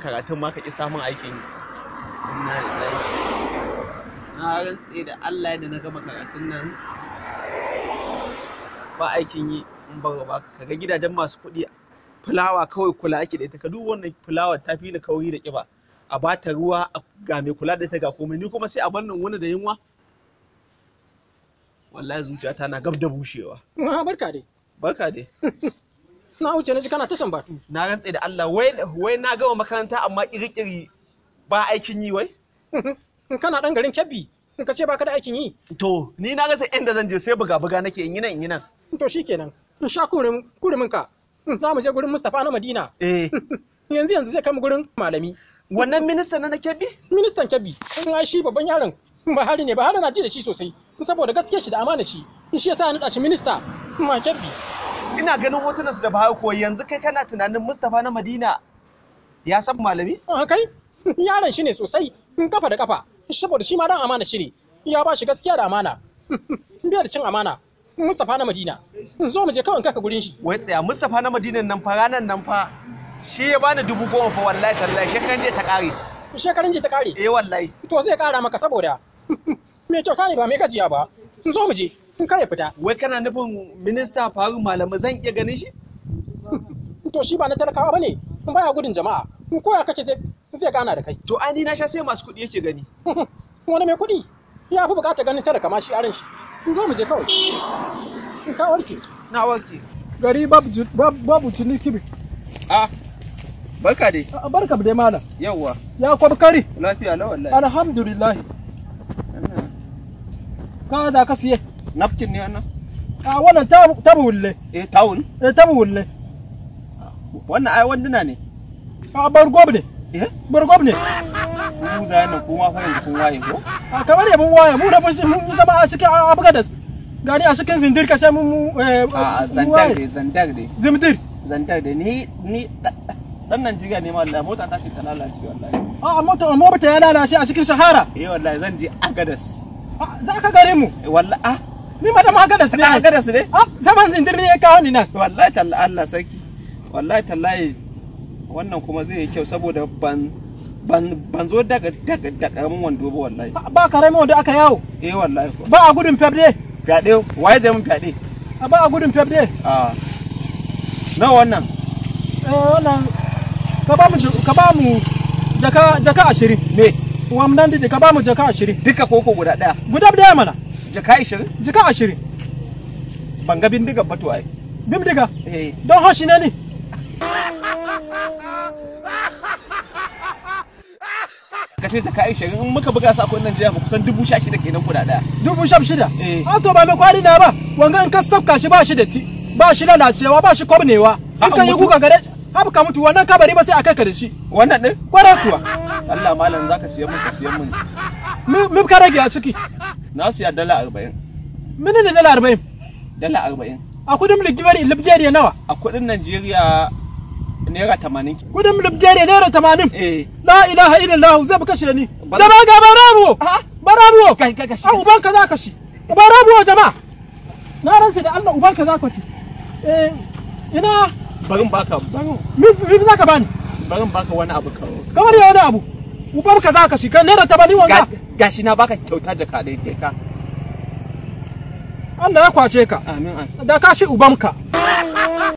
karatun ma ka ƙi samun aikin yi na rantse da Allah da na gama karatun nan ba aikin yi in ba ba ka kaga gidajen masu kuɗi fulawa kawai kula ake da ita ka duk wannan fulawa ta fi da kauri da ƙiba a bata ruwa ga mai kula da ita ga komai ni kuma sai a bannin wani da yunwa wallahi ta na gab da bushewa barka dai barka dai na wuce na ji kana ta sambatu na rantse da Allah wai wai na gama makaranta amma kirkiri ba aikin yi wai kana dan garin Kebbi in ka ce baka da aikin yi to ni na rantse inda zan je sai buga buga nake in yi nan in yi nan to shikenan in sha kurin kurumin ka za mu je gurin Mustapha na Madina eh yanzu yanzu zai kai mu gurin malami wannan minista na Kebbi ministan Kebbi in shi babban yaron hari ne hari na ji da shi sosai saboda gaskiya shi da amana shi shi yasa na naɗa shi minista ma Kebbi ina ganin hotunan su da baya ko yanzu kai kana tunanin Mustapha na Madina ya san malami? Ah, kai, yaron shi ne sosai, kafa da kafa, saboda shi ma dan amana shi ne, ya ba shi gaskiya da amana. Biyar cin amana, Mustapha na Madina. Zo mu je kawai kaka gurin shi. Wai tsaya, Mustapha na Madina nan fa ranan nan fa. Shi ya bani dubu goma fa wallahi tallahi shekaran je ta kare. Shekaran je ta kare? Eh wallahi. To zai kara maka saboda me kyauta ne ba me gajiya ba. Zo mu je. in kai fita wai kana nufin minista faru malama zan iya ganin shi to shi ba na talakawa bane in ya gudun jama'a in ya kake zai gana da kai to ai ni na sha sai masu kuɗi yake gani wani mai kuɗi ya fi bukata ganin talaka ma shi aran shi in zo mu je kawai in ka warke na warke gari babu ciniki a barka dai barka dai malam yawwa ya kwabkari lafiya na wallahi alhamdulillah ka da ka siye Napkin ne wannan? A wannan tabu wulle. Eh tawul? Eh tabu wulle. Wannan ai wanduna ne. A bargob ne. Eh? Bargob ne. Ku za yana kuma farin kun waye ko? A kamar ya mun waye mu da mun zama a cikin Abgadas. Gani a cikin zindir kashe mun mu eh, A zandar ne zandar ne. Zindir. Zandar ne ni ni dan Najeriya ne ma wallahi mota ta ce ta lalace wallahi. A mota mota ya lalace a cikin Sahara. Eh wallahi zan je Agadas. Za ka gare mu? Eh, wallahi ah, ni ma da su ne su ne ah, zaman zindir ne ya kawo ni nan wallahi talla Allah saki wallahi tallahi wannan kuma zai yi kyau saboda ban ban ban zo daga daga da karamin wando ba wallahi ba karamin wando aka yawo eh wallahi ba a gudun fabde fade waye zai mun fade ba a gudun fabde a na wannan eh wannan ka ba mu ka ba mu jaka jaka 20 me wannan da ka ba mu jaka 20 duka koko guda daya guda daya mana Jaka ashirin? Jaka ashirin. Ban ga bindigar ba to ai. Bindiga? Eh. Don hoshi na ne? kashe jaka ashirin in muka buga sa kuɗin Najeriya kusan dubu sha shida kenan kuɗa ɗaya. Dubu sha shida? Eh. An to ba mai kwari na ba. Wanga in ka sabka shi ba shi da ti. Ba shi lalacewa ba shi kwabnewa. In ka yi guga gare haba ka mutu wannan bari ba sai a kai ka da shi. Wannan ɗin? Kwarai kuwa. Allah malam ka siya min ka siya min. Me ka rage a ciki? na siya dala arba'in mene ne dala arba'in dala arba'in a kudin libjeriya nawa a kudin najeriya naira tamanin kudin libjeriya naira tamanin eh la ilaha illallah zai baka shi ni zama ga barabuwo barabuwo kai kai kashi ah, uban ka za ka shi barabuwo jama'a na ransa da Allah uban ka za ka eh ina barin baka barin me za ka bani barin baka wani abu kamar ya abu ubar ka za ka shiga naira ta bani wanga gashi na baka kyauta jaka jeka. je ka Allah ya kwace ka amin da ka shi ubanka